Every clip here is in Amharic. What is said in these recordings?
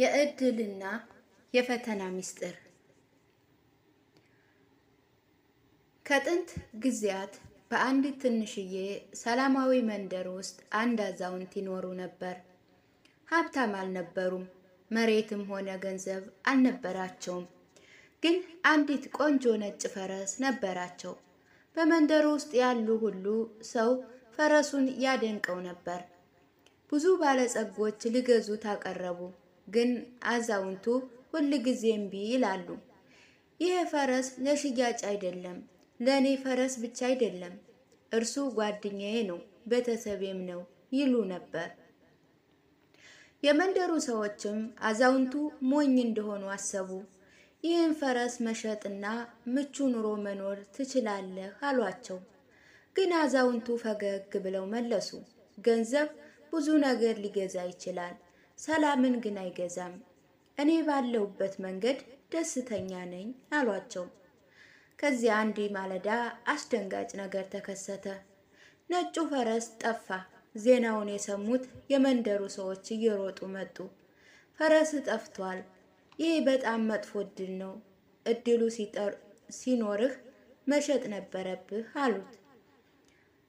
የእድልና የፈተና ምስጢር ከጥንት ጊዜያት በአንድ ትንሽዬ ሰላማዊ መንደር ውስጥ አንድ አዛውንት ይኖሩ ነበር። ሀብታም አልነበሩም፣ መሬትም ሆነ ገንዘብ አልነበራቸውም። ግን አንዲት ቆንጆ ነጭ ፈረስ ነበራቸው። በመንደሩ ውስጥ ያሉ ሁሉ ሰው ፈረሱን ያደንቀው ነበር። ብዙ ባለጸጎች ሊገዙት አቀረቡ። ግን አዛውንቱ ሁል ጊዜ እምቢ ይላሉ። ይህ ፈረስ ለሽያጭ አይደለም፣ ለእኔ ፈረስ ብቻ አይደለም፣ እርሱ ጓደኛዬ ነው፣ ቤተሰቤም ነው ይሉ ነበር። የመንደሩ ሰዎችም አዛውንቱ ሞኝ እንደሆኑ አሰቡ። ይህን ፈረስ መሸጥና ምቹ ኑሮ መኖር ትችላለህ አሏቸው። ግን አዛውንቱ ፈገግ ብለው መለሱ፣ ገንዘብ ብዙ ነገር ሊገዛ ይችላል ሰላምን ግን አይገዛም። እኔ ባለሁበት መንገድ ደስተኛ ነኝ አሏቸው። ከዚያ አንድ ማለዳ አስደንጋጭ ነገር ተከሰተ። ነጩ ፈረስ ጠፋ። ዜናውን የሰሙት የመንደሩ ሰዎች እየሮጡ መጡ። ፈረስ ጠፍቷል፣ ይህ በጣም መጥፎ እድል ነው። እድሉ ሲኖርህ መሸጥ ነበረብህ አሉት።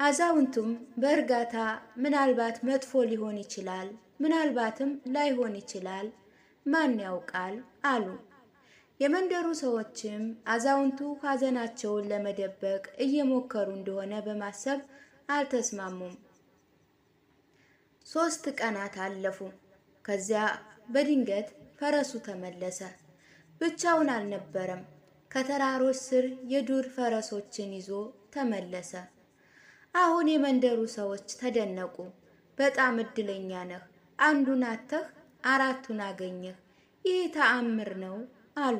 አዛውንቱም በእርጋታ ምናልባት መጥፎ ሊሆን ይችላል፣ ምናልባትም ላይሆን ይችላል፣ ማን ያውቃል አሉ። የመንደሩ ሰዎችም አዛውንቱ ሐዘናቸውን ለመደበቅ እየሞከሩ እንደሆነ በማሰብ አልተስማሙም። ሶስት ቀናት አለፉ። ከዚያ በድንገት ፈረሱ ተመለሰ። ብቻውን አልነበረም። ከተራሮች ስር የዱር ፈረሶችን ይዞ ተመለሰ። አሁን የመንደሩ ሰዎች ተደነቁ። በጣም እድለኛ ነህ፣ አንዱን አተህ አራቱን አገኘህ፣ ይህ ተአምር ነው አሉ።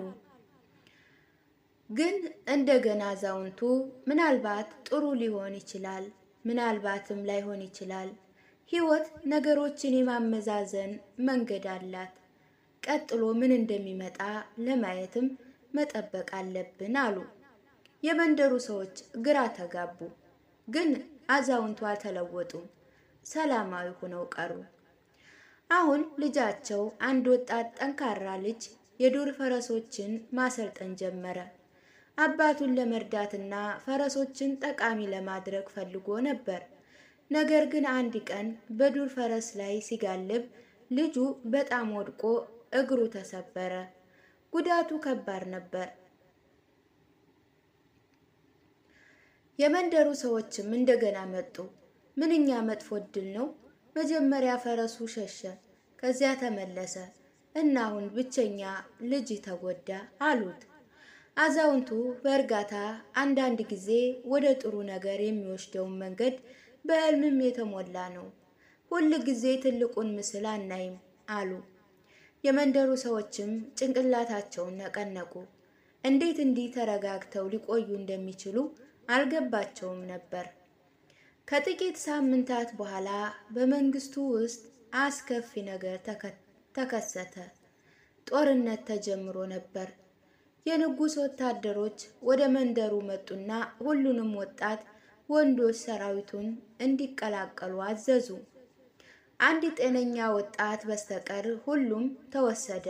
ግን እንደገና አዛውንቱ ምናልባት ጥሩ ሊሆን ይችላል፣ ምናልባትም ላይሆን ይችላል። ህይወት ነገሮችን የማመዛዘን መንገድ አላት። ቀጥሎ ምን እንደሚመጣ ለማየትም መጠበቅ አለብን አሉ። የመንደሩ ሰዎች ግራ ተጋቡ። ግን አዛውንቱ ተለወጡ፣ ሰላማዊ ሆነው ቀሩ። አሁን ልጃቸው አንድ ወጣት ጠንካራ ልጅ የዱር ፈረሶችን ማሰልጠን ጀመረ። አባቱን ለመርዳትና ፈረሶችን ጠቃሚ ለማድረግ ፈልጎ ነበር። ነገር ግን አንድ ቀን በዱር ፈረስ ላይ ሲጋልብ ልጁ በጣም ወድቆ እግሩ ተሰበረ። ጉዳቱ ከባድ ነበር። የመንደሩ ሰዎችም እንደገና መጡ። ምንኛ መጥፎ እድል ነው! መጀመሪያ ፈረሱ ሸሸ፣ ከዚያ ተመለሰ እና አሁን ብቸኛ ልጅ ተጎዳ አሉት። አዛውንቱ በእርጋታ አንዳንድ ጊዜ ወደ ጥሩ ነገር የሚወስደውን መንገድ በእልምም የተሞላ ነው። ሁል ጊዜ ትልቁን ምስል አናይም አሉ። የመንደሩ ሰዎችም ጭንቅላታቸውን ነቀነቁ። እንዴት እንዲህ ተረጋግተው ሊቆዩ እንደሚችሉ አልገባቸውም ነበር። ከጥቂት ሳምንታት በኋላ በመንግስቱ ውስጥ አስከፊ ነገር ተከሰተ። ጦርነት ተጀምሮ ነበር። የንጉስ ወታደሮች ወደ መንደሩ መጡና ሁሉንም ወጣት ወንዶች ሰራዊቱን እንዲቀላቀሉ አዘዙ። አንድ ጤነኛ ወጣት በስተቀር ሁሉም ተወሰደ።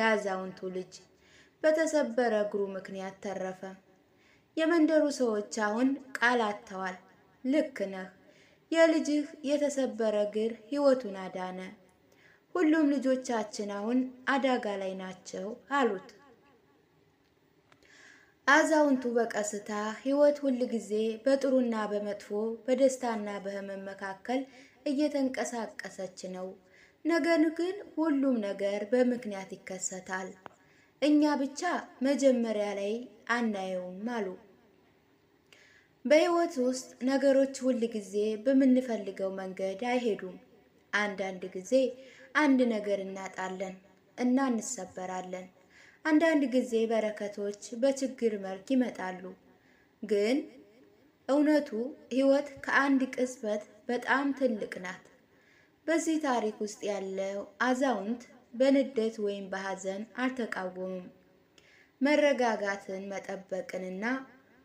የአዛውንቱ ልጅ በተሰበረ እግሩ ምክንያት ተረፈ። የመንደሩ ሰዎች አሁን ቃል አጥተዋል። ልክ ነህ፣ የልጅህ የተሰበረ እግር ሕይወቱን አዳነ። ሁሉም ልጆቻችን አሁን አደጋ ላይ ናቸው አሉት። አዛውንቱ በቀስታ ሕይወት ሁልጊዜ በጥሩና በመጥፎ በደስታና በህመም መካከል እየተንቀሳቀሰች ነው። ነገር ግን ሁሉም ነገር በምክንያት ይከሰታል። እኛ ብቻ መጀመሪያ ላይ አናየውም አሉ። በህይወት ውስጥ ነገሮች ሁል ጊዜ በምንፈልገው መንገድ አይሄዱም። አንዳንድ ጊዜ አንድ ነገር እናጣለን እና እንሰበራለን። አንዳንድ ጊዜ በረከቶች በችግር መልክ ይመጣሉ። ግን እውነቱ ህይወት ከአንድ ቅጽበት በጣም ትልቅ ናት። በዚህ ታሪክ ውስጥ ያለው አዛውንት በንዴት ወይም በሀዘን አልተቃወሙም። መረጋጋትን መጠበቅንና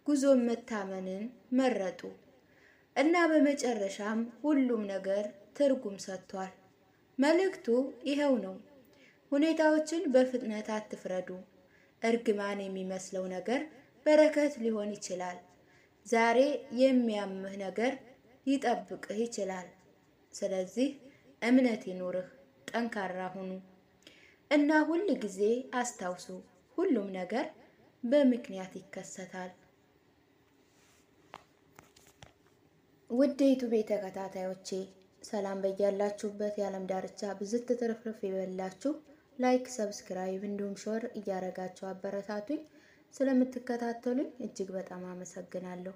ጉዞን መታመንን መረጡ እና በመጨረሻም ሁሉም ነገር ትርጉም ሰጥቷል። መልእክቱ ይኸው ነው። ሁኔታዎችን በፍጥነት አትፍረዱ። እርግማን የሚመስለው ነገር በረከት ሊሆን ይችላል። ዛሬ የሚያምህ ነገር ሊጠብቅህ ይችላል። ስለዚህ እምነት ይኑርህ፣ ጠንካራ ሁኑ እና ሁል ጊዜ አስታውሱ፣ ሁሉም ነገር በምክንያት ይከሰታል። ውድ ቤ ተከታታዮቼ ሰላም በያላችሁበት የዓለም ዳርቻ ብዝት ትርፍርፍ ይበላችሁ። ላይክ፣ ሰብስክራይብ እንዲሁም ሾር እያረጋችሁ አበረታቱኝ። ስለምትከታተሉኝ እጅግ በጣም አመሰግናለሁ።